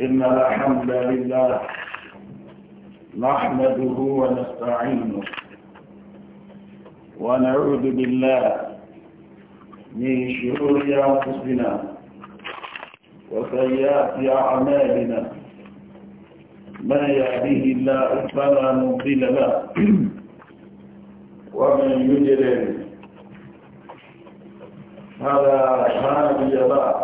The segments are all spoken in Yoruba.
إن الحمد لله نحمده ونستعينه ونعوذ بالله من شرور أنفسنا وسيئات أعمالنا من يهديه الله فلا مضل له ومن يجرم فلا هادي له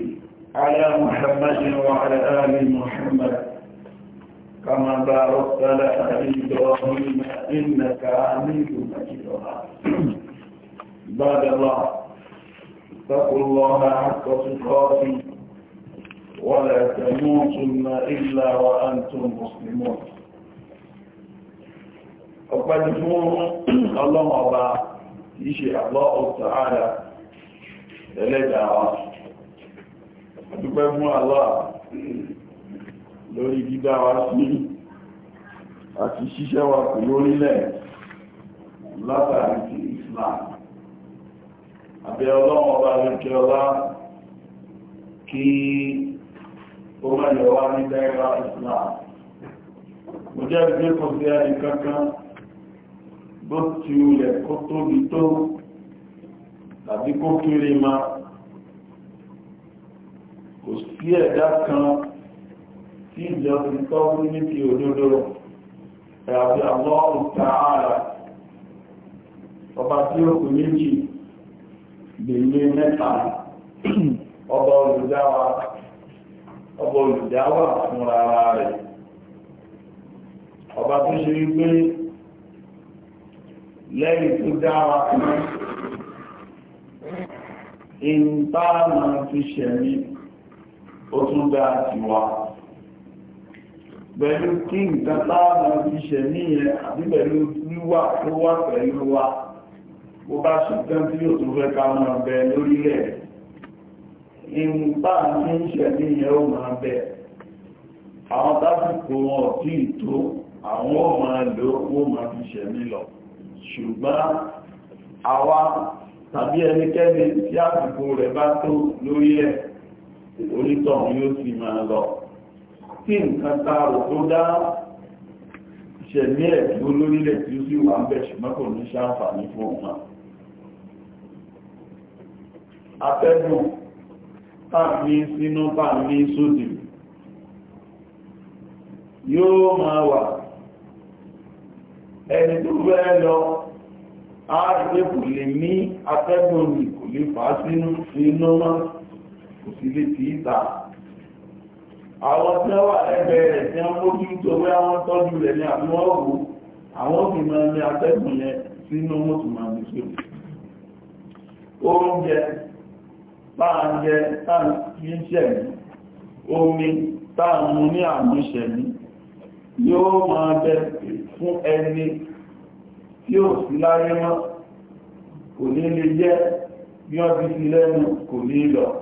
على محمد وعلى آل محمد كما باركت على إبراهيم إنك عميد مجيد عباد الله اتقوا الله حق تقاته ولا تموتن إلا وأنتم مسلمون ọ̀pẹ́ni fún الله أبا ṣe الله تعالى ààrẹ ẹlẹ́dàá dúpẹ́ fún Allah lórí dídá wa sí àti ṣíṣẹ́ wa kù lórílẹ̀ látàrí ti Islam àbẹ́ ọlọ́run ọba lẹ́kẹ́ ọlá kí ó mẹ́lẹ̀ wá ní dáẹ́rà Islam mo jẹ́ ìgbé kò sí ẹni kankan bó ti ulẹ̀ kó tóbi tó tàbí kó kéré máa sí ẹ̀dá kan tí ìjọ ti tọ́ fún ní ti òdodo ẹ̀yàfi àwọn òta ààrà ọba tí ó kù méjì gbèlé mẹ́ta ọba olùdáwà ọba olùdáwà fúnra rẹ̀ ọba tó ṣe wípé lẹ́yìn tó dáwà kan ìntàmà fi ṣẹ̀mí ó tún dá tiwa pẹ̀lú kí nǹkan táàmù ti ṣẹ̀ ní ilẹ̀ àti pẹ̀lú wíwà tó wà pẹ̀lú wa bó bá ṣùgbọ́n tí yóò tún fẹ́ ká máa bẹ lórílẹ̀ ìmúbá ní ṣẹ̀ ní ilẹ̀ ó máa bẹ àwọn tásìkò wọn tí ìtó àwọn ó máa lò ó máa fi ṣẹ̀ ní lọ ṣùgbọ́n àwa tàbí ẹnikẹ́ni tí àsìkò rẹ̀ bá tó lórílẹ̀ onítọ̀hún yóò sì máa lọ tí nǹkan táàrò tó dá ìṣẹ̀lẹ̀ ẹ̀dúró lórílẹ̀ tí ó sì wà ń bẹ̀ ṣùgbọ́n kò ní ṣàǹfààní fún òun afẹ́dùn tàbí sínú tàbí sódì yóò máa wà ẹni tó bẹ́ẹ̀ lọ ààrẹ kò lè ní afẹ́dùn ní kò lè fà sínú sínú kò sí lè ti ìta àwọn tí wọ́n wà lẹ́gbẹ̀ẹ́ rẹ̀ tí wọ́n mójú tó wẹ́ àwọn tọ́jú rẹ̀ ní àbí wọ́n wò àwọn òbí máa ní atẹ́gùn yẹn sínú mọ́tò máa ní sí oúnjẹ táàjẹ táàjẹ́ṣẹ̀mí omi táàmù ní àmúṣẹ̀mí yóò máa bẹ fún ẹni tí ó sí láyé mọ́ kò ní lè jẹ́ bí wọ́n ti fi lẹ́nu kò ní lọ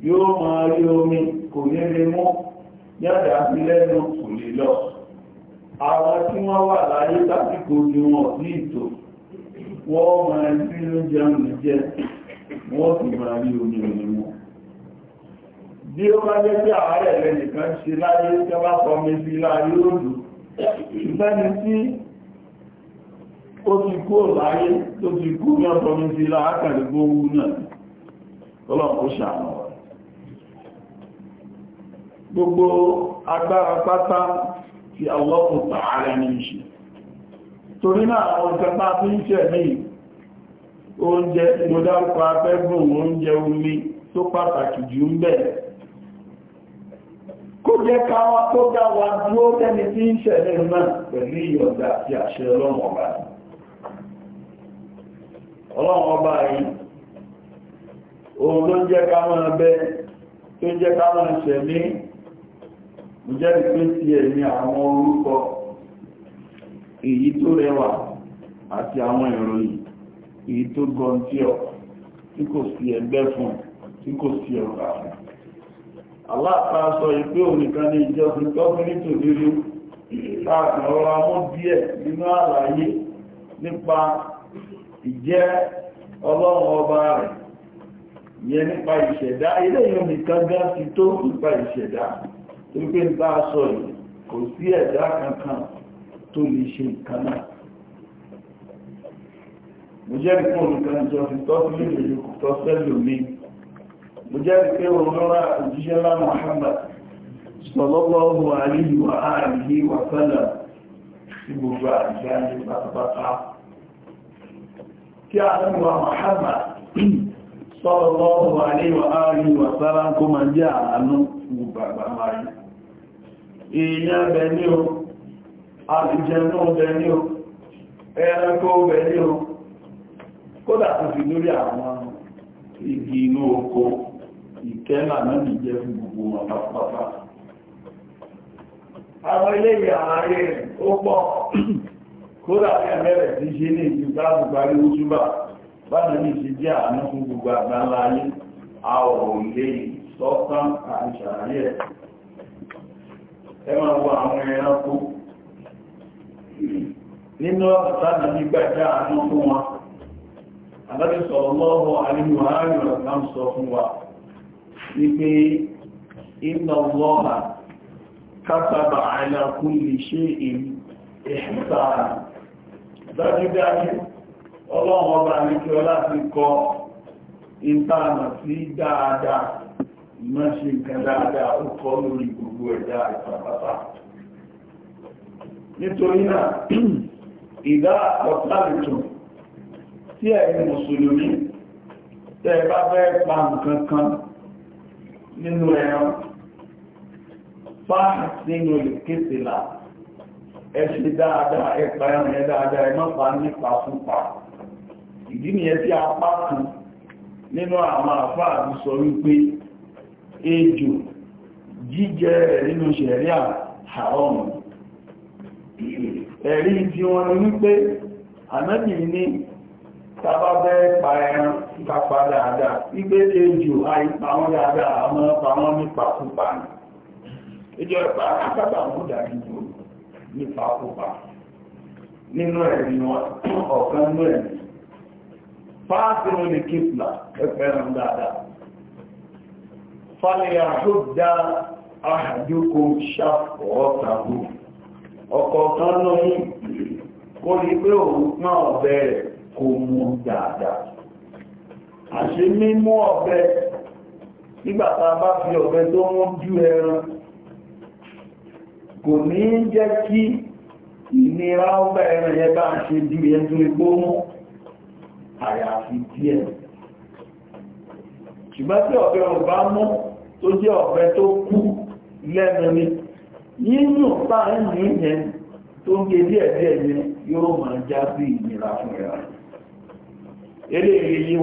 yóò máa rí omi kò ní lè mú yàtà sí lẹ́nu kò lè lọ àwọn tí wọ́n wà láyé lásìkò ni wọ́n sí ìtò wọ́n máa sí oúnjẹ oúnjẹ jẹ wọ́n sì máa rí omi òní mú bí ó bá jẹ́ pé àárẹ̀ lẹ́nìkan ṣe láyé tí wọ́n bá sọ mi sí láyé òdù ìgbẹ́ni tí ó ti kú láyé tó ti kú ní ọ̀sọ̀ mi sí láyé àkàrí gbówú náà ọlọ́pọ̀ ṣàánà gbogbo agbára pátá ti Allahu Ta'ala ní ṣe torí náà àwọn ìjọba tí ń ṣẹ̀ ní oúnjẹ ìlúdárúkọ afẹ́gùn oúnjẹ omi tó pàtàkì jù ń bẹ kó jẹ́ káwà tó wa dúró tẹ́ni tí ń ṣẹ̀lẹ̀ ọba tó jẹ́ ṣẹ̀mí mo jẹ́rìí ní àwọn orúkọ èyí tó rẹwà àti àwọn ìròyìn èyí tó gọ̀ǹtíọ̀ tí kò sí ẹgbẹ́ fún tí kò sí ọ̀gá fún aláàpá sọ ìpé òníkan ní ìjọsìn tọ́fínì tó lérí láàrín ọ̀rọ̀ díẹ̀ nínú àlàyé ọba rẹ̀ nípa ìṣẹ̀dá ilé gá torí pé ń bá aṣọ yìí kò sí ẹ̀dá kankan tó lè ṣe nǹkan náà mo jẹ́rìí fún olùkan jọ ti tọ́ sí ìlú tọ́ sẹ́lù mi mo jẹ́rìí pé olóra òjíṣẹ́ lá Muhammad sallallahu alaihi wa alihi wa sallam sí gbogbo àjẹ́ pátápátá kí a ń wa sallallahu alaihi wa alihi wa kó máa jẹ́ àánú fún bàbá máyí èèyàn bẹ̀ ní o bẹ̀ ní o ẹranko bẹ̀ ní o kódà tó fi lórí àwọn igi inú oko ìkẹ́là náà jẹ́ fún gbogbo wọn àwọn ilé báyìí ní ti n'ala àánú gbogbo àgbáńlá ayé a ọ̀rọ̀ sọ́tán àti ṣàlàyé ẹ̀ ẹ wọ àwọn ẹranko nínú ọ̀sán àti gbàjá àánú wọn àbájọ sọ̀rọ̀ lọ́wọ́ àríwá àríwá sọ fún wa ọlọ́run ọba ní kí ọlá ti kọ ìtànà sí dáadáa ìmọ̀ ṣe nǹkan dáadáa ó kọ́ lórí gbogbo ẹ̀dá ìpàpàpà nítorí náà ìdá ọ̀tàlìtùn tí ẹ̀yin mùsùlùmí tẹ́ bá fẹ́ pa nǹkan kan nínú ẹran fáà nínú ìkéṣìlá ẹ ṣe dáadáa ẹ pa ẹran ẹ dáadáa ẹ má pa nípa fún pa ìdí nìyẹn tí apá kan nínú àwọn àfáà ti sọ wípé ejò jíjẹ nínú ẹ̀rí tí wọ́n ní wípé ànábì ní tàbá pa ẹran dáadáa wípé ejò wọn dáadáa àmọ́ pa wọn ní ejò ẹ̀pà àkábà nínú ẹ̀rí fáàtì wọn lè kíplà ẹgbẹ̀rún dáadáa fàlẹ̀ àṣọ́dá àdúkò ṣàfọ́ọ̀tàbù ọ̀kọ̀ọ̀kan ló mú kó ní pé òun pán ọ̀bẹ rẹ̀ kò mú dáadáa àṣẹ mímú ọ̀bẹ nígbàtà bá fi ọ̀bẹ tó mú ẹran kò ní jẹ́ kí ìnira bá àyàfi díẹ̀ ṣùgbọ́n tí ọ̀fẹ́ ò bá tó jẹ́ ọ̀fẹ́ tó kú lẹ́nu ni yíyùn bá ń yìn tó ń gé díẹ̀ díẹ̀ yóò máa já sí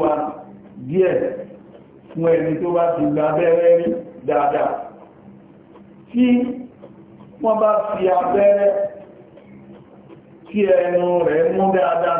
wa díẹ̀ fún ẹni tó ti gba abẹ́rẹ́ rí dáadáa tí wọ́n bá fi abẹ́rẹ́ tí ẹnu rẹ̀ mú dáadáa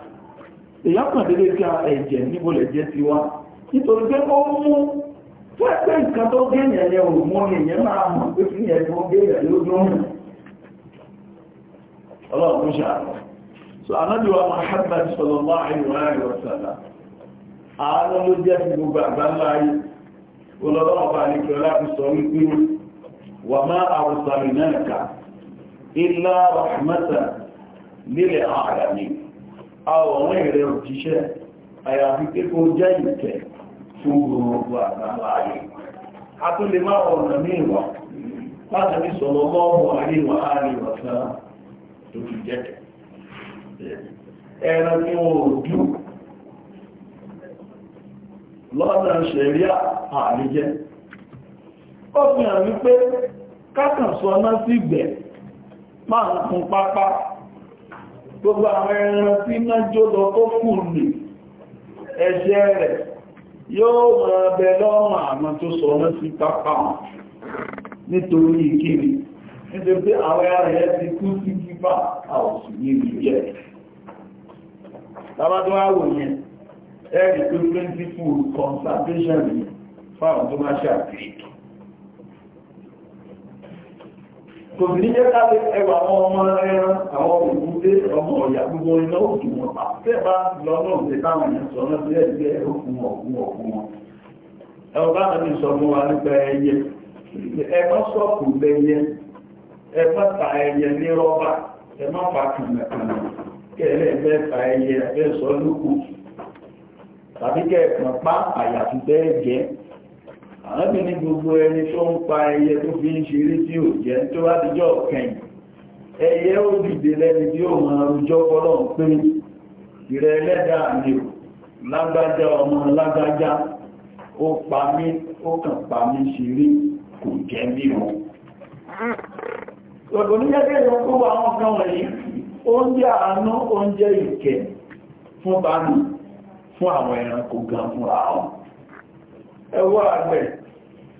èyàn kàn dédé ká ẹ̀jẹ̀ níbo lè jẹ́ ti wá nítorí pé ó mú fẹ́ẹ̀fẹ́ nǹkan tó gẹ̀yẹ̀ yẹn ò mú èyàn máa mọ̀ pé fún yẹn tó gẹ̀yẹ̀ lójú ọ̀rùn ọlọ́run ṣàrọ̀ so anábíwá Muhammad sallallahu alaihi wa sallam àánú ló jẹ́ fi gbogbo àgbáláyé àwọn ìrẹ òjíṣẹ́ àyàfi pé kó jẹ́ ìtẹ̀ fún gbogbo àgbàláyé a tó lè máa ọ̀nà ní ìwà láti ní sọ̀rọ̀ lọ́wọ́ àríwá àríwá sáà tó fi jẹ́ ẹran ní òòdú lọ́nà gbogbo àwọn ẹran tí má jó lọ tó kù lè ẹ̀ṣẹ̀ rẹ̀ yóò máa bẹ lọ́rùn àwọn tó sọ ọ́nà sí pápá wọn nítorí ìkiri nítorí pé àwọn ẹran yẹn ti kú sí pípa àwọn sì ní ìlú yẹ tàbátọ́ kò ní jẹ́ káàkiri ẹwà ọmọ ẹran àwọn òkúté ọmọ ọ̀yà gbogbo iná òkú wọn pàtẹ́ bá lọ́nà òkè táwọn èèyàn sọ náà ẹgbẹ́ òkun wọn bá sọ wa nípa ẹyẹ ẹmọ́ sọ́ọ̀kù lẹ́yẹ ẹmọ́ ta ẹyẹ ní rọ́bà ẹmọ́ àrẹ́bì ní gbogbo ẹni tó ń pa ẹyẹ tó fi ń ṣeré tí ò jẹ́ tó bá ti jọ kẹyìn ẹyẹ ó dìde lẹ́ni tí ó mọ àrùjọ fọ́lọ̀ ń pé ìrẹ́ ẹlẹ́dà mi ò lágbájá ọmọ lágbájá ó pa mí ó kàn pa mí ṣeré kò jẹ́ mí o lọ́dọ̀ oníjẹ́gẹ́ ìlú kó wà wọn kan wọ̀nyí oúnjẹ àánú oúnjẹ ìkẹ́ fún bánú fún àwọn ẹranko gan fúnra wọn ẹwọ́ àgbẹ̀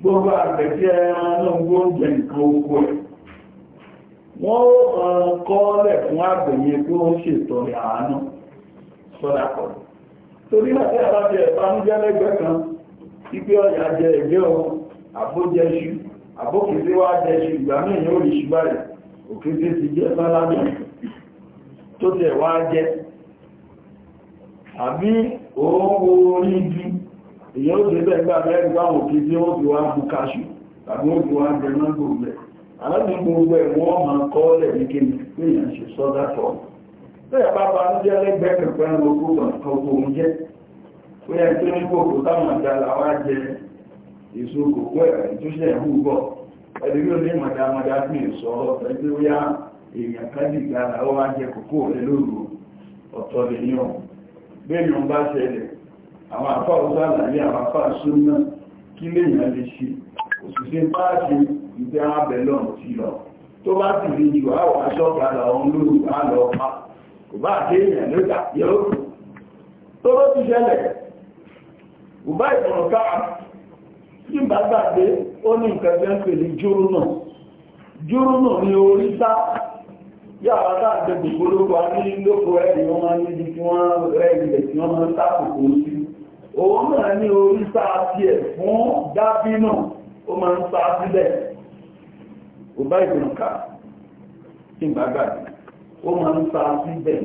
gbogbo àgbẹ̀jẹ́ ẹran náà gbóúnjẹ nǹkan oko ẹ̀ wọ́n kọ́ kọ́ọ́lẹ̀ fún àgbẹ̀yẹ tó ń ṣètọrẹ àánú sọ́dàkọ̀ torí láti àbájẹ lẹ́gbẹ̀ẹ́ kan ipe ọjà jẹ ẹgbẹ́ ọ̀hún àbókèsí wá ìgbà náà yóò lè òkèsí ti jẹ́ tó tẹ̀ wá jẹ́ àbí òun wo orí èyàn ó dé bẹ́ẹ̀ gbà ẹni bá wọn kí tí wọ́n fi wá bu káṣù tàbí fi wá náà gbogbo ẹ̀ alábí gbogbo ẹ̀ wọ́n máa kọ́ lẹ̀ ní kí pé ṣe sọ́dá tọ́ bẹ́ẹ̀ bá bá ń jẹ́ lẹ́gbẹ̀ẹ́ tó ń jẹ́ ní kòkó táwọn àjà làwọn jẹ èso kòkó ẹ̀ tó ṣe ẹni ní màdàmàdà àwọn àpá ọ̀dá àlàyé àwọn àpá ṣúnmọ́ kí lèyìn lè ṣe òṣìṣẹ́ páàkì ìdá abẹ̀lọ́n ti lọ tó bá ti rí jù àwọ̀ aṣọ́kàlà ọ̀hún lóru àlọ́ pa kò bá gbogbo ẹ̀rì wọn máa níbi tí wọ́n rẹ̀ ilẹ̀ tí wọ́n máa ń sáàkùkù sí òun náà ní orí sáàtì ẹ̀ fún dábínà ó máa ń sáàtì bẹ̀ ó bá ìgbìnkà tí ń bá gbàgbé ó máa ń sáàtì bẹ̀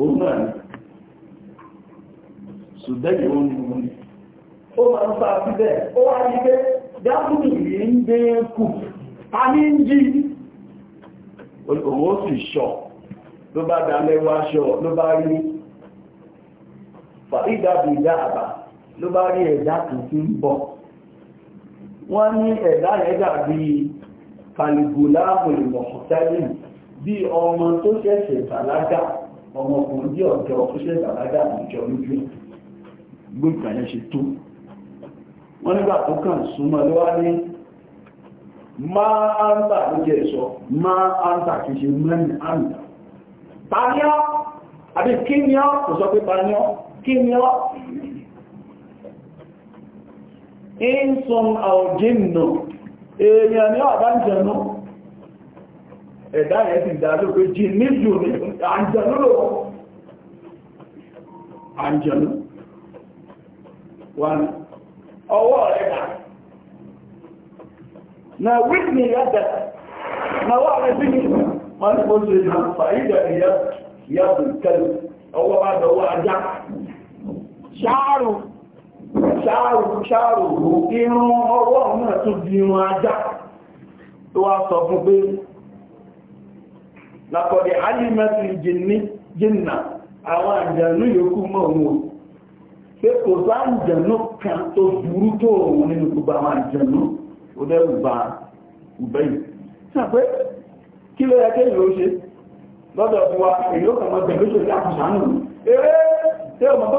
òun náà ní ṣùgbẹ́gbẹ̀ òun ni òun ni ó máa ń sáàtì bẹ̀ ó wá ní pé dábùnì yìí ń dé kù ta ní ń jí òun ó sì ṣọ ló bá dalẹ́wọ́ aṣọ ló bá rí fàídàbì dáàbà ló bá rí ẹ̀dá tó fi ń bọ̀ wọ́n ní ẹ̀dá ẹ̀dà bí kàlìgùláàmùlùmọ̀ọ̀tẹ́lì bí ọmọ tó ṣẹ̀ṣẹ̀ bàlágà ọmọkùnrin bí ọ̀dọ́ tó ṣẹ̀ṣẹ̀ bàlágà àjọ lójú gbẹ̀gbẹ̀rẹ̀ ṣe tó wọ́n nígbà tó kàn súnmọ́ ló wá ní máa kí ni ọ́ insom aljinnu èèyàn ni ọ̀dá ìjẹ̀nú ẹ̀dá yẹn ti dàdó pé jí ní jù ní àjẹ̀nú lò àjẹ̀nú wọn ọwọ́ rẹ̀ kà na wíkìnì yàtẹ̀ na wà rẹ̀ sí wọ́n ni ó ṣe ìyàfà ìdẹ̀ ìyàfà ìkẹlù ọwọ́ bá dọ̀wọ́ ṣáàrù ṣáàrù ṣáàrù irun ọwọ́ náà tún di irun ajá tó wá sọ fún pé lápọ̀dẹ̀ alimẹ́tì jìnnà àwọn àjẹ̀nú yòókù mọ́ òun pé kò sá àjẹ̀nú kan tó burú tó òun nínú gbogbo àwọn àjẹ̀nú ó lọ́dọ̀ fún wa èyí ó bẹ̀rẹ̀ ọmọ tó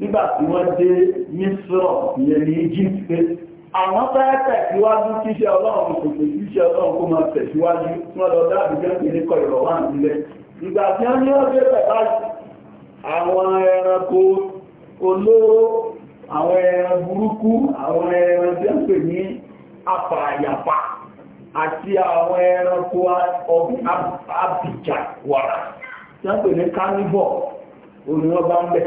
nígbà tí wọ́n dé Mísírọ̀ ìyẹn ní Egypt pé àwọn fẹ́ tẹ̀síwájú kí iṣẹ́ ọlọ́run kò sí iṣẹ́ ọlọ́run kó máa tẹ̀síwájú tí wọ́n lọ dáàbì jẹ́ pé níkọ̀ ìrọ̀ wà nílẹ̀ ìgbà tí wọ́n ní ọjọ́ pẹ̀lá àwọn ẹranko olóró àwọn ẹran burúkú àwọn ẹran tí wọ́n pè ní apààyàpà àti àwọn ẹranko abìjà wàrà tí wọ́n pè ní carnivore òní wọ́n bá ń bẹ̀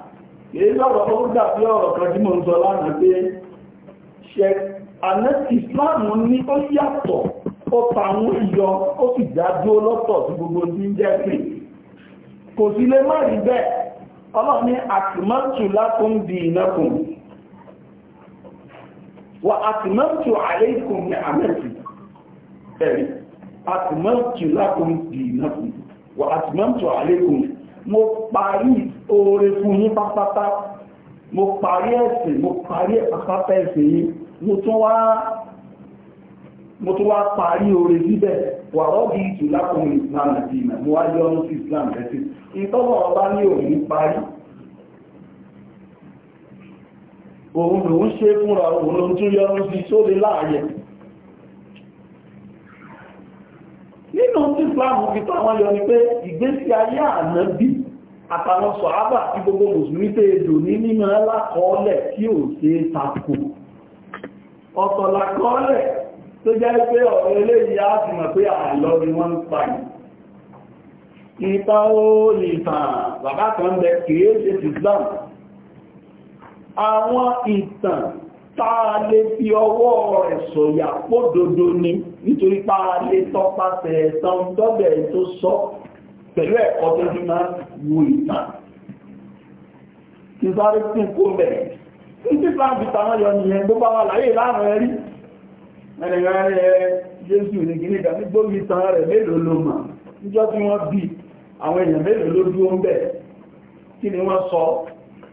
èyí lọ́rọ̀ ó dàbí ọ̀rọ̀ kan tí mo ń sọ lánàá pé ṣe àná Islam ní ó yàtọ̀ ó ta àwọn ìyọ ó sì dádúró lọ́tọ̀ sí gbogbo tí ń jẹ́ pé kò sí lè má rí bẹ́ẹ̀ ọlọ́run ní àtìmọ́tù lákún di ìnákùn wà àtìmọ́tù àlékún ní àmẹ́tì ẹ̀rí àtìmọ́tù lákún di ìnákùn wà àtìmọ́tù àlékún mo parí oore fún yín pátápátá mo parí ẹ̀sìn mo parí pátápátá ẹ̀sìn yín mo tún wá mo tún wá parí oore síbẹ̀ wà rọ́bì ìtù lákùnrin islam àti ìmọ̀ mo wá yọ́nú sí islam ẹ̀sìn ìtọ́wọ̀ ọba ní òní parí òun lòun ṣe fúnra òun ló tún yọ́nú sí tó lè láàyè nínú tí islam fi tọ́ àwọn yọ ni pé ìgbésí ayé ànábì àtàwọn sọ̀hábà tí gbogbo mùsùlùmí tẹ́ èdò ní nínú alákọọ́lẹ̀ tí ò ṣe tako ọ̀tọ̀lákọọ́lẹ̀ tó jẹ́ pé ọ̀rọ̀ eléyìí á ti mọ̀ pé àìlọ́ ni wọ́n ń pa ìta ó nìtàn bàbá kan bẹ kìí ṣe Islam àwọn ìtàn táa lè fi ọwọ́ rẹ̀ sọ̀yà pódodo ni nítorí páa lè tọpasẹ̀ ẹ̀sán dọ́bẹ̀ tó sọ pẹ̀lú ẹ̀kọ́ tó ní máa wo ìtàn ìsáré tí kó bẹ̀ títí fáàbì táwọn yọ nìyẹn tó bá wà láyé láàrín ẹrí ẹ̀rẹ̀rẹ̀ Jésù ní rẹ̀ mélòó ló mà níjọ́ tí wọ́n bí àwọn èèyàn mélòó ló ń bẹ̀ kí ni wọ́n sọ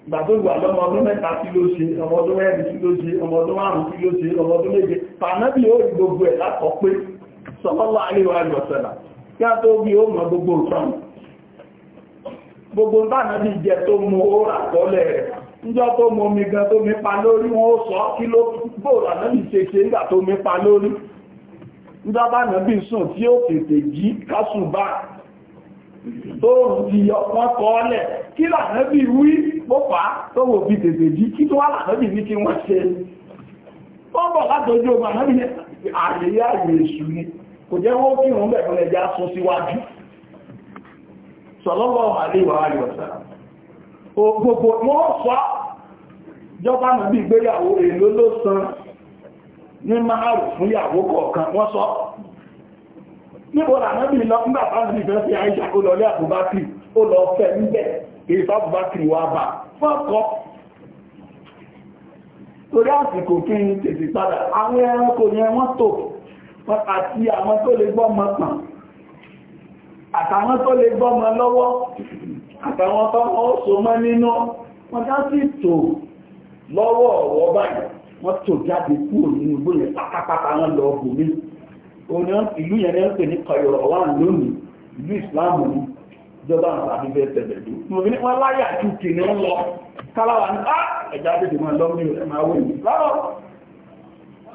ìgbà tó gbà lọ́mọ ọdún mẹ́ta sí ló ṣe ọmọ ọdún mẹ́rin ló ṣe ọmọ ọdún márùn ló ṣe ọmọ ọdún méje tànábì ó rí gbogbo ẹ̀ yá tó bí ó mọ̀ gbogbo nǹkan gbogbo bí jẹ tó mú ó rà tọ́lẹ̀ rẹ̀ níjọ́ tó mú omi gan mi pa lórí wọn ó sọ kí ló bóòrà náà ní ṣe ṣe nígbà tó mi pa lórí níjọ́ bánà bí sùn tí ó tètè jí kásùbà tó kò jẹ́ wọ́n kí wọ́n bẹ̀ fún ẹja sún síwájú sọ̀lọ́wọ́ àríwá àríwọ̀sá gbogbo wọ́n sọ jọba nù bí ìgbéyàwó èlò ló san ní márùn fún ìyàwó kọ̀ọ̀kan wọ́n sọ níbo lànàbí lọ nígbà fásitì ìfẹ́ sí àìṣà ó lọ lé àbúbákì ó lọ fẹ́ níbẹ̀ èyí torí àsìkò kí n tètè padà àwọn ẹranko yẹn wọ́n tò àti àwọn tó lè gbọ́mọ pàn àtàwọn tó lè gbọ́mọ lọ́wọ́ àtàwọn tó wọ́n so mọ́ nínú wọ́n dá sí tò lọ́wọ́ ọ̀wọ́ báyìí wọ́n tò jáde kúrò nínú igbó pátápátá wọn lọ bòmí ìlú yẹn ń pè ní kọyọ̀rọ̀ lónìí ìlú ìsìláàmù ni ìjọba àwọn àbíbẹ̀ tẹ̀lẹ̀ ló mo fi ní wọ́n láyà tù kì ní ń lọ káláwà ní á ẹ̀já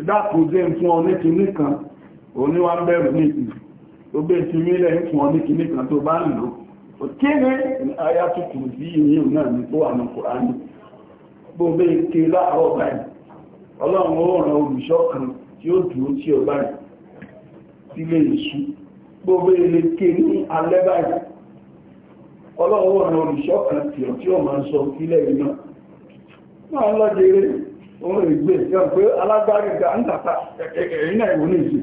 dákùnjẹ́ fún ọ ní kìíní kan bẹ̀rù ní ìpì tó bẹ́ ti mílẹ̀ fún ọ ní kìíní kan tó bá nìlò. kí ní àyà sí ìyìn náà ní tó wà kòránì bó bẹ́ ké láàárọ̀ báyìí ọlọ́run olùṣọ́ kan tí ó tí oòrùn ìgbé ìjọm pé alágbárí ìgbà ń tàtà ẹ̀yìn náà ìwò ní ìsì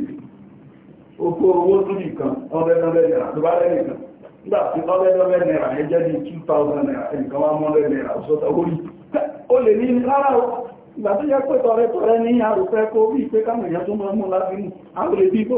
oko owó tó nìkan ọlẹ́lọ́lẹ́ naira tó bá lẹ́yìn kan nígbà tí ọlẹ́lọ́lẹ́ naira ẹ jẹ́ ní 2000 naira ẹnìkan wá mọ́lẹ́ naira ọ̀sọ́ta orí ó lè ní rárá o ìgbà tó yẹ pé tọrẹ tọrẹ ní àrùfẹ́ kó rí pé káwọn èèyàn tó mọ́ láti mú àwọn lè bí bó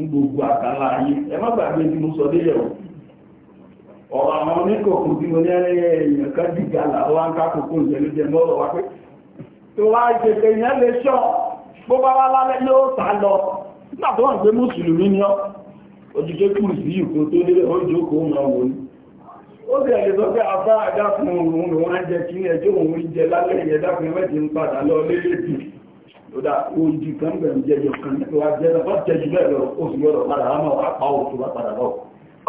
gbogbo àkàlà ayé ẹ gbàgbé tí mo sọ délẹ̀ o ọ̀rọ̀ àwọn oníkọ̀ọ̀kọ̀ tí mo ní ẹ̀yìn kan dìgbà làwọn akákòókò ìjẹ́lú jẹ wá pé tó wá ìṣẹ̀ṣẹ̀ ìyẹn lè ṣọ́ bó bá wá lálẹ́ sá lọ wọ́n gbé mùsùlùmí ni ọ́ kù sí ìkó tó ó sì sọ pé òun jẹ kí ẹjọ́ òun lódà oúnjẹ kan bẹ̀rẹ̀ jẹjọ kan nípa wá jẹ́ lọ́pọ̀ jẹjù bẹ́ẹ̀ lọ oṣù gbọ́dọ̀ padà wá máa pa oṣù bá padà lọ.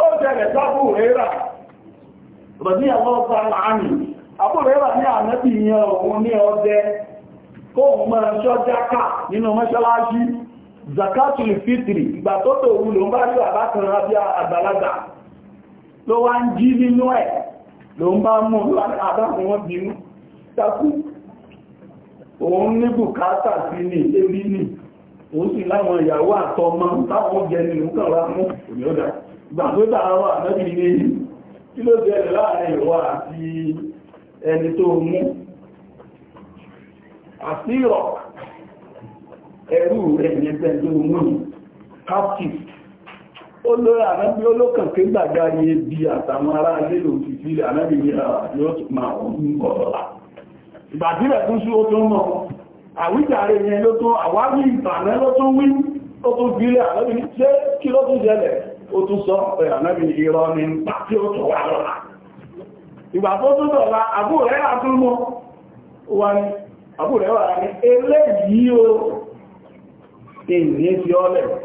ó jẹ́lẹ̀ sábò rẹ́rà rọ̀dí àwọn ọba láàánì àbò rẹ́rà ní ànábì yan òun ní ọdẹ kó òun máa ṣọ́ jáká nínú mọ́ṣáláṣí zakatul fitri ìgbà tó tòun ló ń bá rí bàbá kan rábí àgbàlagbà ló wá ń jí nínú ẹ̀ ló ń bá mú àbá wọn bínú takú òun ní bùkátà sí ní ebí ní òun sì láwọn ìyàwó àtọmọ táwọn jẹ nínú kàrà mú tó dára wà ní kí ló láàrin àti ẹni tó mú olókàn gbàgbà bí àtàwọn ará ilé yóò máa ìgbàdílẹ̀ tún sí ó tó àwíjàre yẹn ló tó àwárí ìtànẹ́ ló tó wí ó tó gílẹ̀ àlọ́bí ṣé kí ló tún jẹlẹ̀ ó tún sọ pẹ̀ ànábì ìrọ̀ o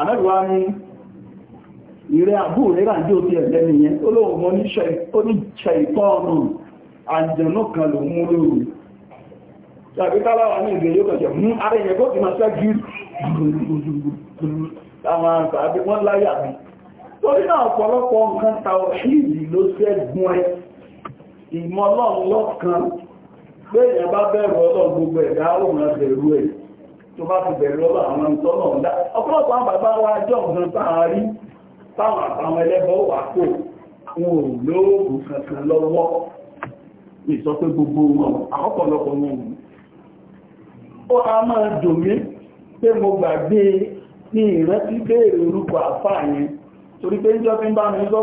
àlẹ́wà ní ìrẹ́ àbú rẹ́rà ní òtí ẹ̀lẹ́ni yẹn olóòwò mọ́ ní ṣe ìtọ́ọ̀nù àjẹ̀nú kan ló mú lóòrù tàbí káláwà ní ìgbè yóò kọ̀ṣẹ̀ mú ara ìyẹn kó ti máa ṣẹ́ gí àwọn àgbàbí wọ́n láyà mi torí náà ọ̀pọ̀lọpọ̀ nǹkan ta ọ̀ṣìdì ló ṣẹ́gun ẹ ìmọ̀lọ́ọ̀lọ́kan pé èèyàn bá bẹ̀rù ọlọ́ gbogbo ẹ̀dá òun àbẹ̀rù ẹ̀ tó bá ti bẹ̀rẹ̀ lọ́wọ́ àwọn ìtọ́nà ọ̀dá bàbá wa jọ ọ̀gbọ̀n táwọn rí táwọn àtàwọn ẹlẹ́bọ̀ wà kó wọn ò lóògùn kankan lọ́wọ́ ní gbogbo wọn àkọ́pọ̀lọpọ̀ wọn ó a máa dùn mí pé mo gbàgbé ní ìrántí béèrè orúkọ àfáà yẹn torí pé níjọ́ tí ń bá mi àwọn ìbéèrè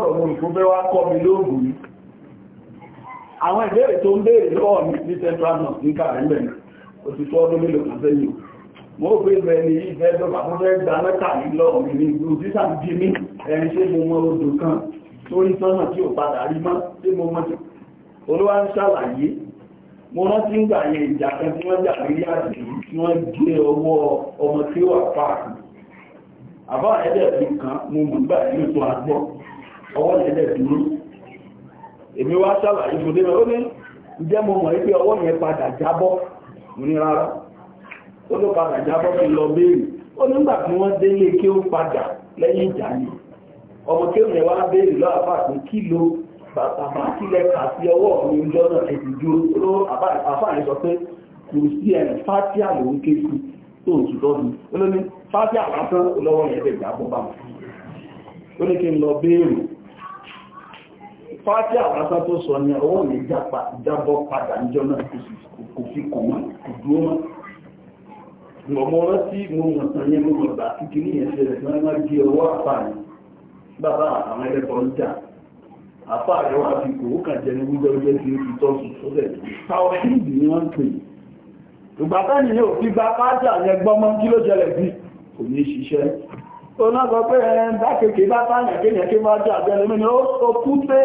tó ń béèrè lọ́wọ́ mi ní central mo gbé ìlú ẹni yìí fẹ́ dọ́gba mo fẹ́ gba lẹ́tà yìí lọ òmìnir ìlú títà ń bí mi ẹni ṣé mo mọ odò kan lórí sánà tí ò padà rí mọ́ tí mo mọ́ olúwa ń ṣàlàyé mo rántí ń gbà yẹn ìjà kan tí wọ́n jà lórí àdìrí tí wọ́n gé ọwọ́ ọmọ tí wà páàkì àbá ẹ̀dẹ̀ fi kan mo mọ̀ nígbà tí ó tún agbọ́ ọwọ́ ẹ̀dẹ̀ dúró èmi wá ṣàlàyé fún débẹ̀ ó ní ìjẹ́ mo mọ̀ wípé ọwọ́ yẹn padà jábọ́ mo ní rárá olóòpàdà jábọ́ fi lọ béèrè ó nígbà tí wọ́n délé kí ó padà lẹ́yìn ìjà ni ọmọ kí òun wá béèrè lọ́àbà tó kí lo bàbá kílẹ̀ kà sí ọwọ́ mi ìjọ náà èdè ju olówó àfáàní sọ pé kò sí ẹ̀ fátíà lòún ké sí tó ń tutọ́ ni ó ló ní fátíà lásán olówó yẹn bẹ̀ jábọ́ bá wọn ó ní kí n lọ béèrè fáti àwọ́sá tó sọ ní ọwọ́ mi jábọ́ padà níjọ́ náà kò fi kọ̀ mọ́ kò dúró mọ́ ọmọ rántí mo mọ̀ tán yẹn mo mọ̀ bá kíkí ní ẹ̀ṣẹ̀ rẹ̀ máa máa gé ọwọ́ àfààní bàbá àwọn ẹlẹ́kọ̀ọ́ ń jà àfààní wa fi kò ó kàn jẹ ní wíjọ wíjọ tí ó fi tọ́sùn sódẹ̀ táwọn ẹ̀ṣìn ni wọ́n ń pè ìgbà táni yóò fi bá kájà yẹn gbọ́n mọ́ kí ló jẹlẹ̀ bí kò ní ṣiṣẹ́ ó náà sọ pé ẹn bá kéèké bá táyà kéèyàn ké máa jà bẹ́ẹ̀ lómi ó tó kúté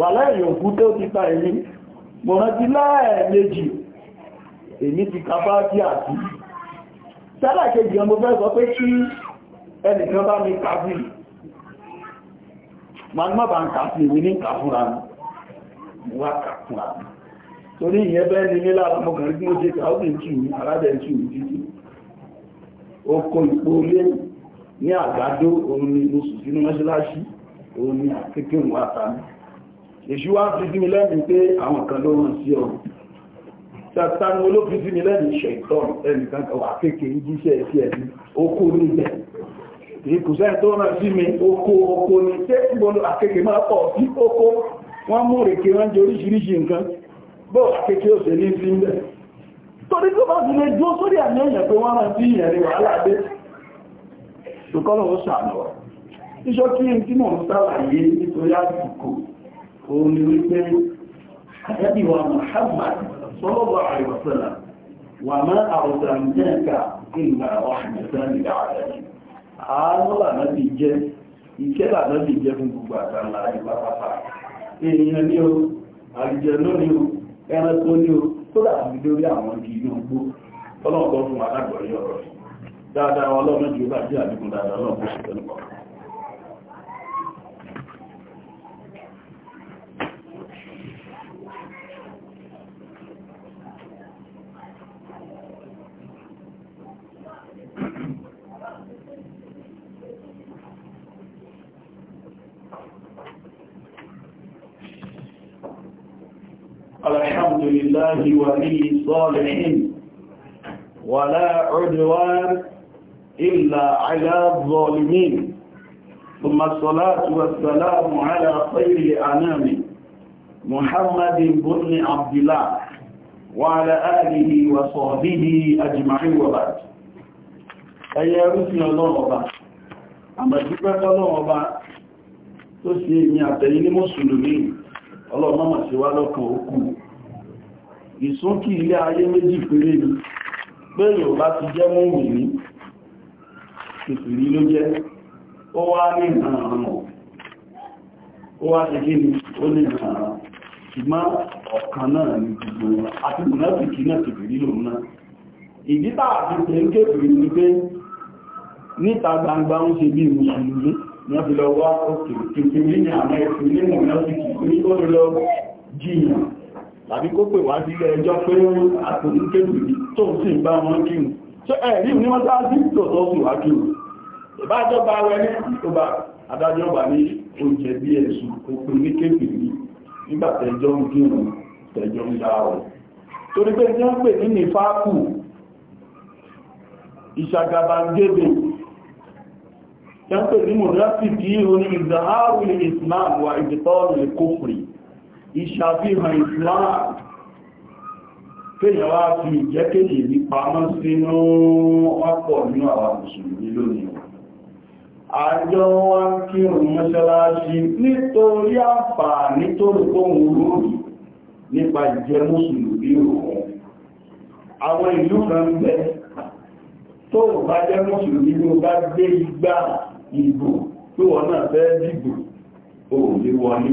wà lẹ́yìn òkúté ti ta èmi èmi ti kápá sí àti sálà kejì ọmọ fẹ́ sọ pé kí ẹnìkan bá mi ká sí ma ní mọ́bà ń ká sí ìwé ní ká fúnra mi wá ká fúnra mi torí ìyẹn bẹ́ẹ̀ ni mí lára mọ́kànlá tí mo ṣe ká ó sì ń tù mí arábẹ̀ ń tù mí títí oko ni mo sùn sínú mọ́ṣáláṣí òun ni àkékè òun wá ta mi èṣù wá fi sí mi lẹ́nu pé àwọn kan ló rán sí ọ̀rùn sàtàní olófíìsì mi lẹ́nu iṣẹ́ ìtọ́nù ẹnìkan kan wà kéèkéé jíṣẹ́ ẹ̀fí ẹ̀mí okó níbẹ̀ ìkùsẹ́ tó náà sí mi okó okó ní tẹ́ gbọ́nà àkéèkéé máa pọ̀ sí okó wọ́n mú rèké wọ́n jẹ oríṣiríṣi nǹkan bọ́ ò ní sí mẹ́ torí tó bá ti lè sórí àmì ẹ̀yàn wọ́n ìyẹn ni wàhálà dé ṣùkọ́lọ̀ ó iṣọ́ kí n tí mò ń sàlàyé nítorí àsìkò òun sallallahu alaihi wasallam wa ma arsalnaka illa rahmatan lil alamin ààrùn ànábì jẹ́ ìkẹ́ ànábì jẹ́ fún gbogbo àtàlà ìpapapa èèyàn ní o àlùjànnú ní o ẹranko ní o tó dàbí lórí àwọn الحمد لله ولي الصالحين ولا عدوان إلا على الظالمين ثم الصلاة والسلام على خير الأنام محمد بن عبد الله وعلى آله وصحبه أجمعين وبعد أي رسل الله وبعد أما جبت الله وبعد تسيني أتيني مسلمين الله ما سوى لك وكوك ìsúnkì ilé ayé méjì péré ni pé yóò bá ti jẹ́ mú wì ní ìpìrí ló jẹ́ ó wá ní ìrànràn ó wá ṣe kí ni ó ní ìrànràn ṣùgbọ́n ọ̀kan náà ni gbogbo àti mùnáfìkì náà kèfèrí lòun náà ìdí tààbí pé ń kèfèrí ni pé níta gbangba ń ṣe bí mùsùlùmí wọ́n fi lọ wá òkè kèfèrí ní àmọ́ ìpínlẹ̀ mùnáfìkì ní ó lọ jiyàn tàbí kó pè wá sílé ẹjọ́ pé àtòrí kébìrì tó sì bá wọn kí ní ṣe ẹ̀rí ní wọ́n sáájú tó tó sì wá kí ní ìbájọba rẹ̀ ní tó bá adájọba ní oúnjẹ bí ẹ̀sùn òpin ní kébìrì nígbà tẹjọ́ ń kí ní tẹjọ́ ń dá ọ̀ torí pé tí wọ́n pè ní ní fáàkù ìṣàgàbàǹgébè tí wọ́n pè ní mọ̀lásìkì oní ìzàháwì islam wa ìdìtọ́ọ̀lù kófìrì ìṣàfihàn islam fèyàn wá fi ìjẹ́kèjì ní pamọ́ sínú ọ̀pọ̀ ní àwọn mùsùlùmí lónìí àjọ wá kí òun mọ́ṣáláṣí nítorí àpà nítorí kóhun lórí nípa ìjẹ́ mùsùlùmí òun àwọn ìlú kan bẹ tó bá jẹ́ mùsùlùmí ló bá gbé igbá ìbò tó wọ́n náà fẹ́ dìbò òun lè wọlé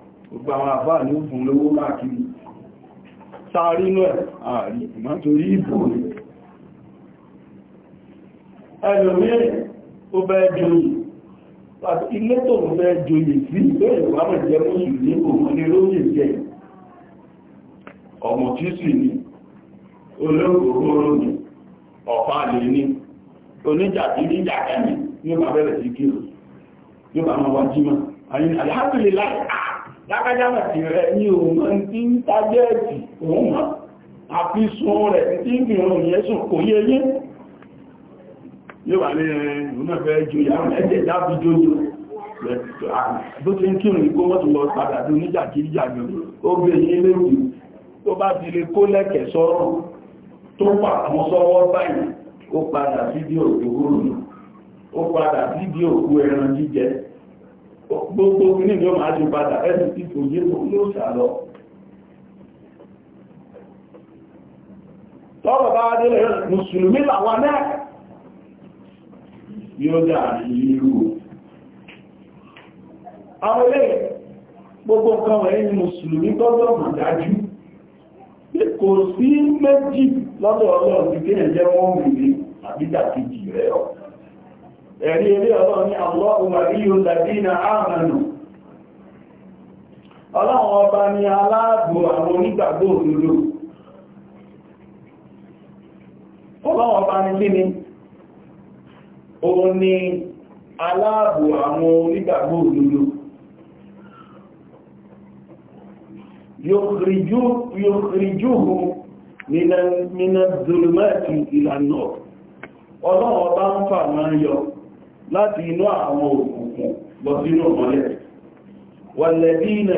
gbogbo àwọn àbá ní ó fún lówó káàkiri sáàrí náà ààrí ìmá torí ìbò rẹ̀ ẹlòmí ó bẹ́ joyè pàtí ilé tó ń bẹ́ joyè sí ìbẹ̀rẹ̀ wàmọ̀ jẹ́ mùsùlùmí òun ni lóyè jẹ́ ọmọ tí sì ni olóògbòrò ni ọ̀pá lè ní oníjàdí níjàkẹ́ni ní bàbẹ̀rẹ̀ sí kí ló bá wọn wájímọ̀ àyín alhamdulillah lákájámà ti rẹ̀ ní òun tí ń tágẹ́ẹ̀tì òun mọ́ àfi sun rẹ̀ tí ń gbìyànjú yẹ́ sùn kò yé yé yóò wà ní ẹ̀rùn náà fẹ́ jù yà ẹ̀jẹ̀ dábí jójò bó ti ń kírùn igbó wọ́n ti lọ padà tó níjàkíjàjò ó gbé yí léjì tó bá gbogbo ní ìjọ máa ṣe padà ẹ̀sùn tí kò yé tó yóò ṣàlọ tọ́rọ̀ bá wá délẹ̀ mùsùlùmí làwọn náà yóò dà àwọn gbogbo kan ẹ̀yìn mùsùlùmí tọ́jọ́ mọ̀dájú kò sí méjì lọ́dọ̀ ti kéèyàn wọ́n àbídà kejì rẹ̀ ẹ̀rí ilé ọlọ́run ní àwọ́wà ríyò lẹ́dínà àmànù ọlọ́run ọba ni aláàbò àwọn onígbàgbọ́ òdodo ọlọ́run ọba ni kíni òun ni aláàbò àwọn onígbàgbọ́ òdodo yóò nínú zulmati ìlànà ọlọ́run ọba ń fà máa yọ láti inú àwọn òkùnkùn lọ sínú ọmọlẹ̀ wàlẹ̀dínà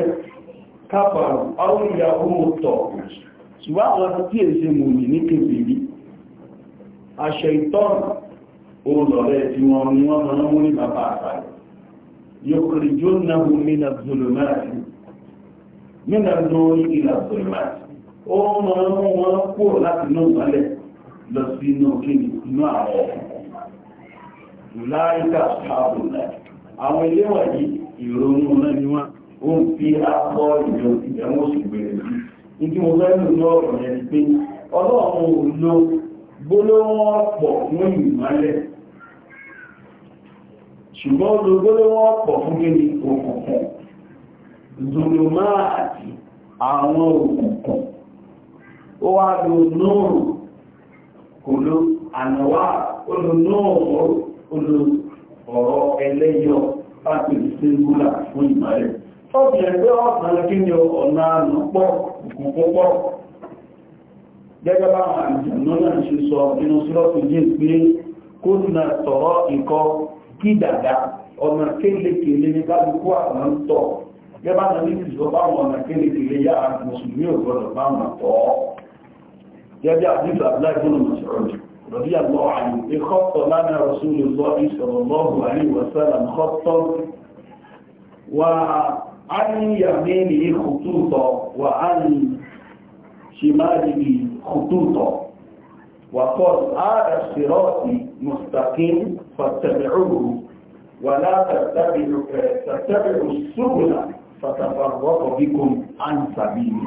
kápàrù áwùyà òmùtọ̀ ṣùgbọ́n àwọn tí è ṣe mú ní kèfèrí aṣẹ ìtọ́nù olùlọ̀rẹ́ tí wọ́n ní wọ́n mọ́ mú ní bàbá àtàrí yókùnrin jó náà mínà zulumáàtì mínà lórí ìlà lọ sí inú kíni àwọn ọkùnrin láìka ààbò àwọn ilé wọ̀nyí ìrònú náà wọ́n ó ń fi akọ ìjọ ìdẹ̀wọ̀n oṣù gbèrè sí ní mo fẹ́ lò ní ọ̀rọ̀ yẹn pé ọlọ́run ò lo gbólóhùn ọ̀pọ̀ fún ìmọ́lẹ̀ ṣùgbọ́n ó lo gbólóhùn ọ̀pọ̀ fún kí ni òkùnkùn zulumáàtì àwọn òkùnkùn ó wá lo nóòrù kò lo ó lo olú ọ̀rọ̀ ẹlẹ́yọ láti síngúlà fún ìmọ̀lẹ̀ tọ́bí ẹgbẹ́ ọ̀nà kí ni ọ̀nà àánú pọ̀ kùkùpọ̀ gẹ́gẹ́ bá àwọn àjẹ̀nú náà ṣe sọ nínú sírọ́pù jíǹ pé kó na tọ̀rọ̀ ìkọ kí dàda ọ̀nà kélékèlé ní kálukú àwọn ń tọ̀ gẹ́gẹ́ bá ní ìṣọ́ báwọn ọ̀nà kélékèlé yá mùsùlùmí ò gbọ́dọ̀ báwọn tọ̀ gẹ́gẹ́ àdífà láìpínlẹ̀ mọ̀sọ̀rọ̀ jù رضي الله عنه خط لنا رسول الله صلى الله عليه وسلم خطا وعن يمينه خطوطا وعن شماله خطوطا وقال هذا الصراط مستقيم فاتبعوه ولا تتبعوا تتبعوا السبل فتفرق بكم عن سبيله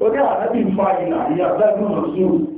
وجاء هذه فاعل هي ذات المسؤول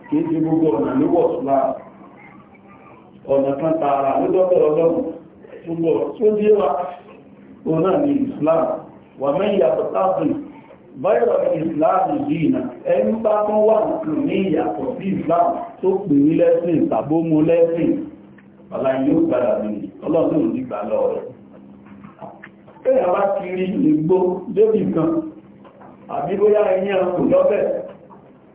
kìí ti gbogbo ọ̀nà ní wọ̀sùlá ọ̀nà kan tààrà ló dọ́pẹ̀rọ lọ́nà tó díẹ̀ wá tó ní Islam wà mẹ́yà pọ̀tàbí báyọ̀ Islam dìínà ẹni bá tán wà ní ìyàtọ̀ sí Islam tó pè ní lẹ́sìn tàbó mú lẹ́sìn ọ̀la yóò gbára ní ọlọ́run ní gbà lọ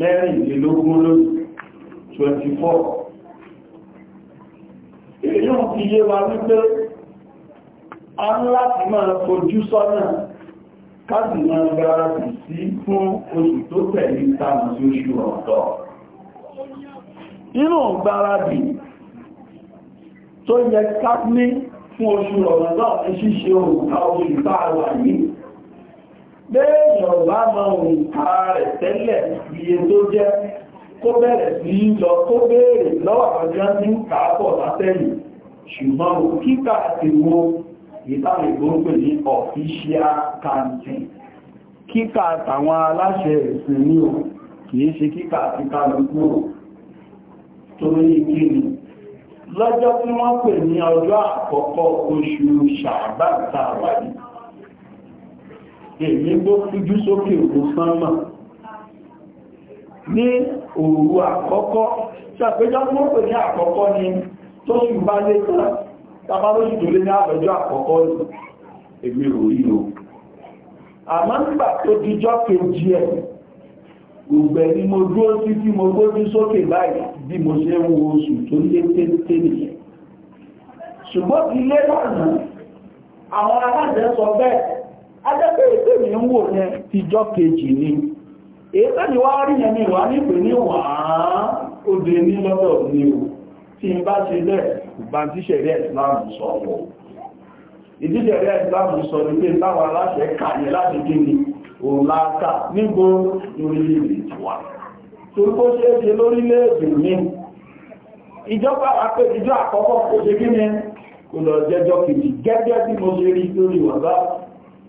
mẹ́rìnlélógún lónìí 24 èyí ń fi yé wa wípé a ń láti máa fojú sọ́nà káàdì máa gbáradì sí fún oṣù tó tẹ̀lé tàbí sí oṣù ọ̀tọ̀ inú gbáradì tó yẹ ká ní fún oṣù ọ̀tọ̀ ní ṣíṣe òǹkà oṣù tààrà yìí Béèyàn bá mọ òǹkà rẹ̀ tẹ́lẹ̀ iye tó jẹ́ kó bẹ̀rẹ̀ sí lọ tó béèrè lọ́wọ́ àjọ́ ní kàápọ̀ látẹ́yìn. Ṣùgbọ́n kíkà ti wo ìtàlẹ̀ ní aláṣẹ o, kìí ṣe kíkà èyí gbó fújú sókè òkú sánmà ní òru àkọ́kọ́ ṣàpéjọ́ fún òpè ní àkọ́kọ́ ni tó ṣù bá lé tán tàbá lóṣù tó lé ní àbẹ̀jọ́ àkọ́kọ́ ni èmi ò rí o àmọ́ nígbà tó dijọ́ kejì ẹ̀ gbogbo ẹni mo dúró sí tí mo gbójú sókè báyìí bí mo ṣe ń wo oṣù tó lé téńté nìyẹn ṣùgbọ́n ti lé lọ́nà àwọn aláṣẹ sọ bẹ́ẹ̀ ajẹ́pẹ́ èdè mi ń wò yẹn ti jọ́ kejì ni èyí tẹ́lẹ̀ wá rí yẹn ni wà nípe ní wàá òde ní lọ́dọ̀ ni o tí n bá ṣe lẹ̀ ìbá tí ṣẹ̀rẹ́ ìsìláàmù sọ mọ́ ìdíṣẹ̀rẹ́ ìsìláàmù sọ ní pé láwọn aláṣẹ kà ní láti kí ni òun láàkà nígbó lórílẹ̀-èdè tiwa torí kó ṣe é ṣe lórílẹ̀-èdè mi ìjọba àpẹjọ àkọ́kọ́ kò ṣe kí ni kò lọ jẹjọ kejì gẹ́gẹ́ bí mo ṣe rí lórí wàhálà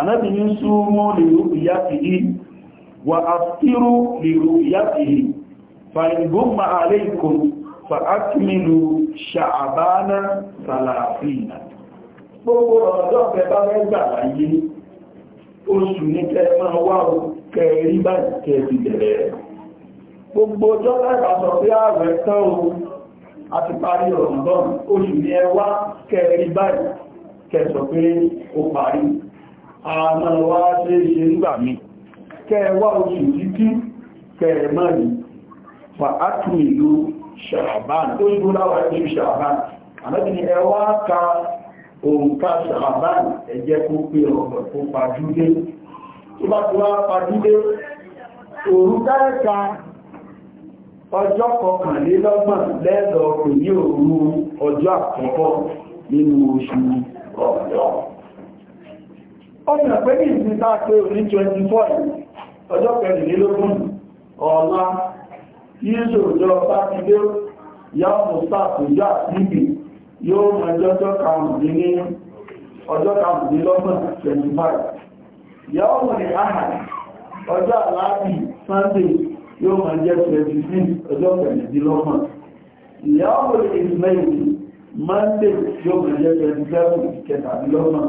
anábì ní súnmọ́ lè rú ìyá ti yí wà àfírú lè ti fàìgbó ma àrẹ ìkò fa ṣàbánà sàlàfíìnà gbogbo ọ̀dọ́ ọ̀fẹ́bá mẹ́gbà láyé oṣù ní kẹrí bá bẹ̀rẹ̀ gbogbo ọjọ́ láìpá pé ààrẹ tán o a parí ọ̀rọ̀ oṣù ní ẹwà kẹrí àmà wá ṣe ṣe ń gbà mí kẹwàá oṣù títí kẹrẹmọ́rin fa átùmìlú ṣàbán tó ṣe gúnláwà ní ṣàbán àmẹ́bí ni ẹwà ka òǹkà ṣàbán ẹjẹ́ kó pé ọ̀rọ̀ tó pàdúdé tó bá tó wá pàdúdé òrùká ẹ̀ka ọjọ́ kọkànlélọ́gbọ̀n lẹ́ẹ̀lọ́ pè ní òru ọjọ́ àkọ́kọ́ nínú oṣù ọ̀dọ́ ọ̀nà pé ní ìsinta pé òní 24 ọjọ́ kẹrìnlélógún ọ̀la yíṣò òjò sátidé yàá mùsáàkù yà níbi yóò mọ̀ ọjọ́ kàrùndínlọ́gbọ̀n 25 yàá mọ̀ ní àhà ọjọ́ àláàbì sunday yóò mọ̀ jẹ́ 26 ọjọ́ kẹrìnlélọ́gbọ̀n ìyàwó ìsìnlẹ̀ ìlú monday yóò mọ̀ jẹ́ 27 kẹtàdínlọ́gbọ̀n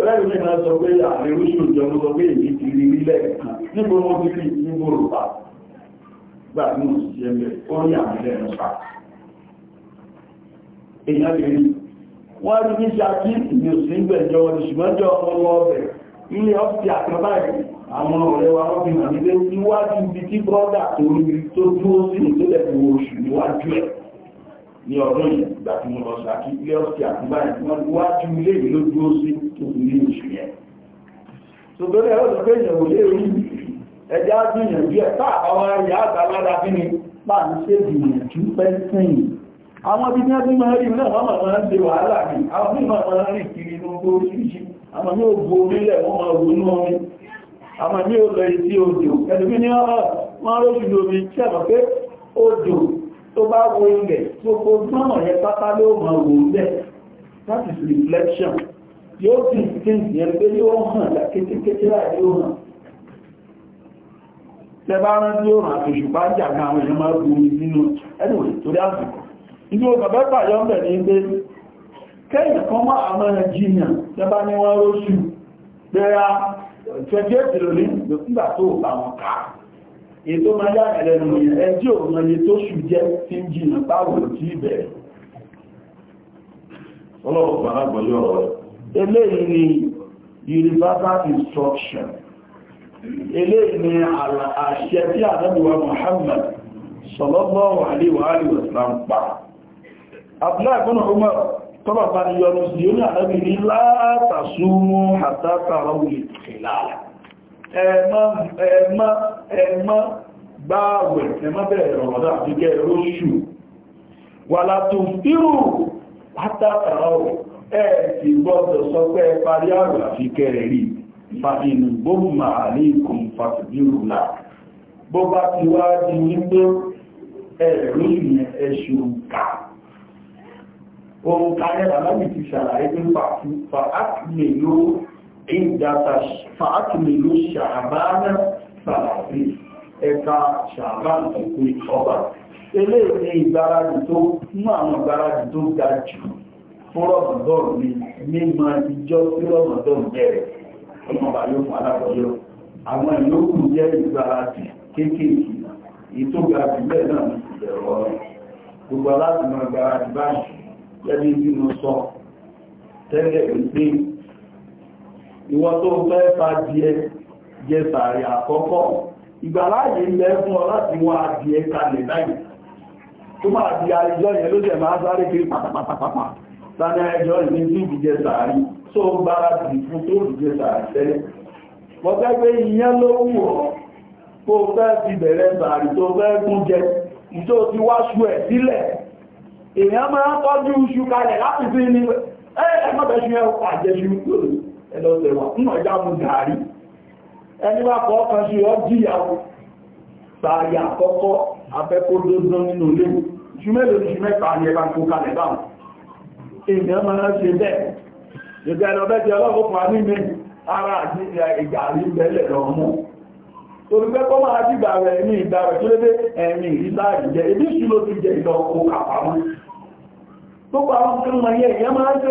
Tọ́lẹ́rù ní máa sọ pé àrẹ̀rú ṣòjọ́ ló sọ pé èyí ti rí nílẹ̀ kan nígbò wọ́n ti rí nígbò rùpa. Gbà ní òṣìṣẹ́ mẹ́, ó rí àmìlẹ̀ nípa. Èyàn lè rí. Wọ́n rí ní ṣáàkí ìgbìyànjú ìgbẹ̀jọ ìṣùgbọ́jọ ọmọ ọbẹ̀ ilé ọ́fíì àtàbáyìí àwọn ọ̀rẹ́ wa wọ́n fi hàn nílé níwájú ibi tí bọ́ọ̀dà tó rí tó dúró sí ní ọdún yìí ìgbà tí mo lọ sàkí ilé ọ̀sẹ̀ àkúgbà yìí wọ́n wá ju ilé ìlú dúró sí tó fi ní oṣù yẹn. sọ̀tọ́ ní ẹ̀rọ ìgbẹ́ yẹn ò lè rí ẹja gbìyànjú ẹ̀ tá àwọn ẹ̀yà àgbàládà kí ni bá ń ṣe gbìyànjú pẹ́ sẹ́yìn. àwọn ibi tí wọ́n ti máa rí náà wọ́n máa ń ṣe wàhálà ni àwọn mímọ̀ máa ń rìn kiri inú oríṣiríṣi àwọn yóò bo wọ́n máa tó bá wo ilẹ̀ gbogbo gbọ́nà yẹ pátá ló mọ̀ wò ń that is reflection yóò fi things yẹn pé yóò hàn láì yóò hàn tẹbá rántí yóò rán àti òṣùpá jàgbà àwọn èèyàn máa nínú anyway torí àsìkò inú ń bẹ̀ ní pé kẹ́yìn kan ní wọ́n róṣù nígbà tó bá wọn kàá ètò máa yá ẹ̀lẹ́nu yẹn ẹjọ́ òun ni tó ṣù jẹ́ tí ń jìnà táwò tí ìbẹ̀rẹ̀ ọlọ́pàá agbọ̀lẹ́ ọ̀rọ̀ eléyìí ni universal instruction eléyìí ni àṣẹ tí àdẹ́bùwà Muhammad sallallahu alaihi ní àdẹ́bì ní látàṣúmú ẹ̀mọ́ gbáàwẹ̀ ẹ̀mọ́ bẹ̀rẹ̀ rọ̀mọ́dá àti gẹ́ róṣù wà látún fírù pátákàrà ẹ̀ ti gbọ́dọ̀ sọ pé parí àrùn àfi kẹrẹ̀ rí fàínú gbóhùnmà àríkùn fàfìdírùlà bó bá ti wá di wípé ẹ̀rọ ìyẹn ẹ̀ṣù ǹkà ohun kárẹ́ alábì ti ṣàlàyé pé fàákìlè lóòrùn ìdàtà fàátìlélú ṣàbánà fàáfí ẹka ṣàbánà ìpé ọba eléyìí ni ìgbáradì tó mú àwọn ìgbáradì tó ga jù fún rọ̀mọ̀dọ́n ní mímọ ìjọ tí rọ̀mọ̀dọ́n bẹ̀rẹ̀ ọmọba yóò fún alábọ̀yọ́ àwọn ìlókù jẹ́ ìgbáradì kéékèèké ètò gbàgbé bẹ́ẹ̀ náà ní ìbẹ̀rẹ̀ ọ̀rọ̀ gbogbo aláàbìmọ̀ ìgbáradì báyìí lẹ́bí bí mo sọ tẹ́lẹ̀ wípé ìwọ tó fẹ́ fa díẹ̀ jẹ sàárì àkọ́kọ́ ìgbàláyé ń bẹ fún ọ láti wọ́n adìẹ kalẹ̀ báyìí tó máa di àríjọ́ yẹn ló jẹ máa sáré kiri pàtàpàtàpàtà sáré ẹjọ́ ìní tí ìdíjẹ sàárì tó ń bára dì fún tó ìdíjẹ sàárì tẹ́lẹ̀ wọ́n fẹ́ pé ìyẹn ló wù ọ́ kó fẹ́ fi bẹ̀rẹ̀ sàárì tó fẹ́ kún jẹ ẹlọ́tẹ̀wà nínú ọjá mú gàárí ẹni bá kọ́ ọkàn sí ọ jíyàwó sàárì àkọ́kọ́ abẹ́kódódún nínú ilé ṣùmẹ́lò ní ṣùmẹ́ta ní ẹbá kó kalẹ̀ báwọn èèyàn máa ń ṣe bẹ́ẹ̀ ìgbà ẹ̀lọ́bẹ́ ti ọlọ́gbọ́n nílé ara àti ìgbàrí bẹ́lẹ̀ lọ́mú torí pé kọ́ máa dìgbà rẹ̀ ní ìgbà rẹ̀ tó lédé ẹ̀mí ìgbà ìjẹ ebí ṣù ló ti jẹ ìlọ kó kàpamọ́ gbogbo àwọn tó mọ̀ yẹ ìyẹn máa ń ṣe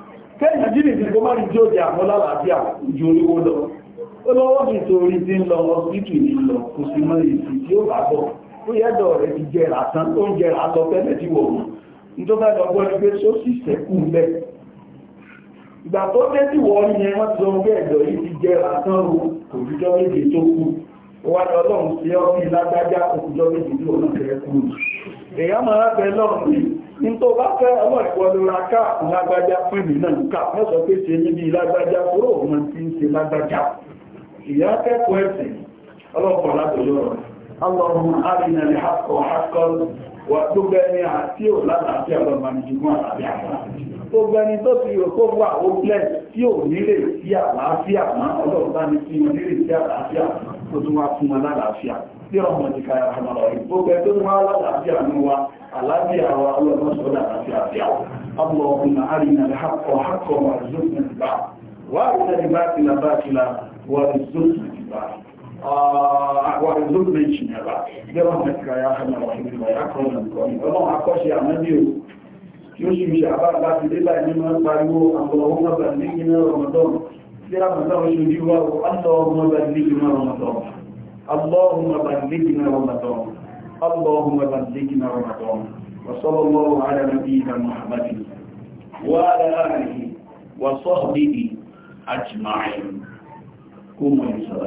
kẹ́yìn jílì ní má rí jóòdì àwọn lálàáfíà ju oríwó lọ ó torí tí ń lọ ọsítù ní kò sí mọ́ tí ti jẹrà tán ó ń jẹrà lọ tẹ́lẹ̀ tí wọ̀ mọ́ ní tó fẹ́ lọ gbọ́ ni sì tó dé ti sọ ẹ̀dọ̀ yìí ti jẹrà tán o kò méje tó kù ní ọlọ́run sí ní tó bá fẹ́ ọmọ ìwọlúra káàkùn lágbájá fún ìmì náà ká mọ́sọ̀ pé ṣe níbi lágbájá kúrò ọmọ tí ń ṣe lágbájá ìyá kẹ́kọ̀ọ́ ẹ̀sìn ọlọ́pọ̀ látòlọ́ rẹ̀ Allahumma arina al-haqqa haqqan wà tó bẹni àti ò látàkì ọlọ́mọdéjìmọ́ àti àbá tó bẹni tó ti rò kó wà ó blẹ̀ tí ò nílè sí àlàáfíà mọ́ ọlọ́ọ̀bá ni tí ò nílè sí àlàáfíà tó tún wá fún wọn lálàáfíà dírọ̀ mọ̀jíká àmàrà ìgbógbẹ́ tó wá lálàáfíà ní wa àlàáfíà wa ọlọ́mọ́sọ́dá àti àfíà اللهم أرنا الحق حقا وارزقنا اتباعه وأرنا الباطل باطلا وارزقنا اتباعه وارزقنا اجتنابه برحمتك يا أرحم الراحمين ويا أكرم الأكرمين ọlọ́run akọ́ṣe àmọ́dé o tí ó ṣe ń ṣe àbára láti débà ní máa ń pariwo àwọn ọmọ bàbá ní ìgbìmọ̀ rọmọdọ́n tí ramadan ṣojú wa ọlọ́run bàbá ní ìgbìmọ̀ rọmọdọ́n اللهم بلغنا رمضان اللهم بلغنا رمضان وصلى الله على نبينا محمد وعلى آله وصحبه أجمعين قوموا للصلاة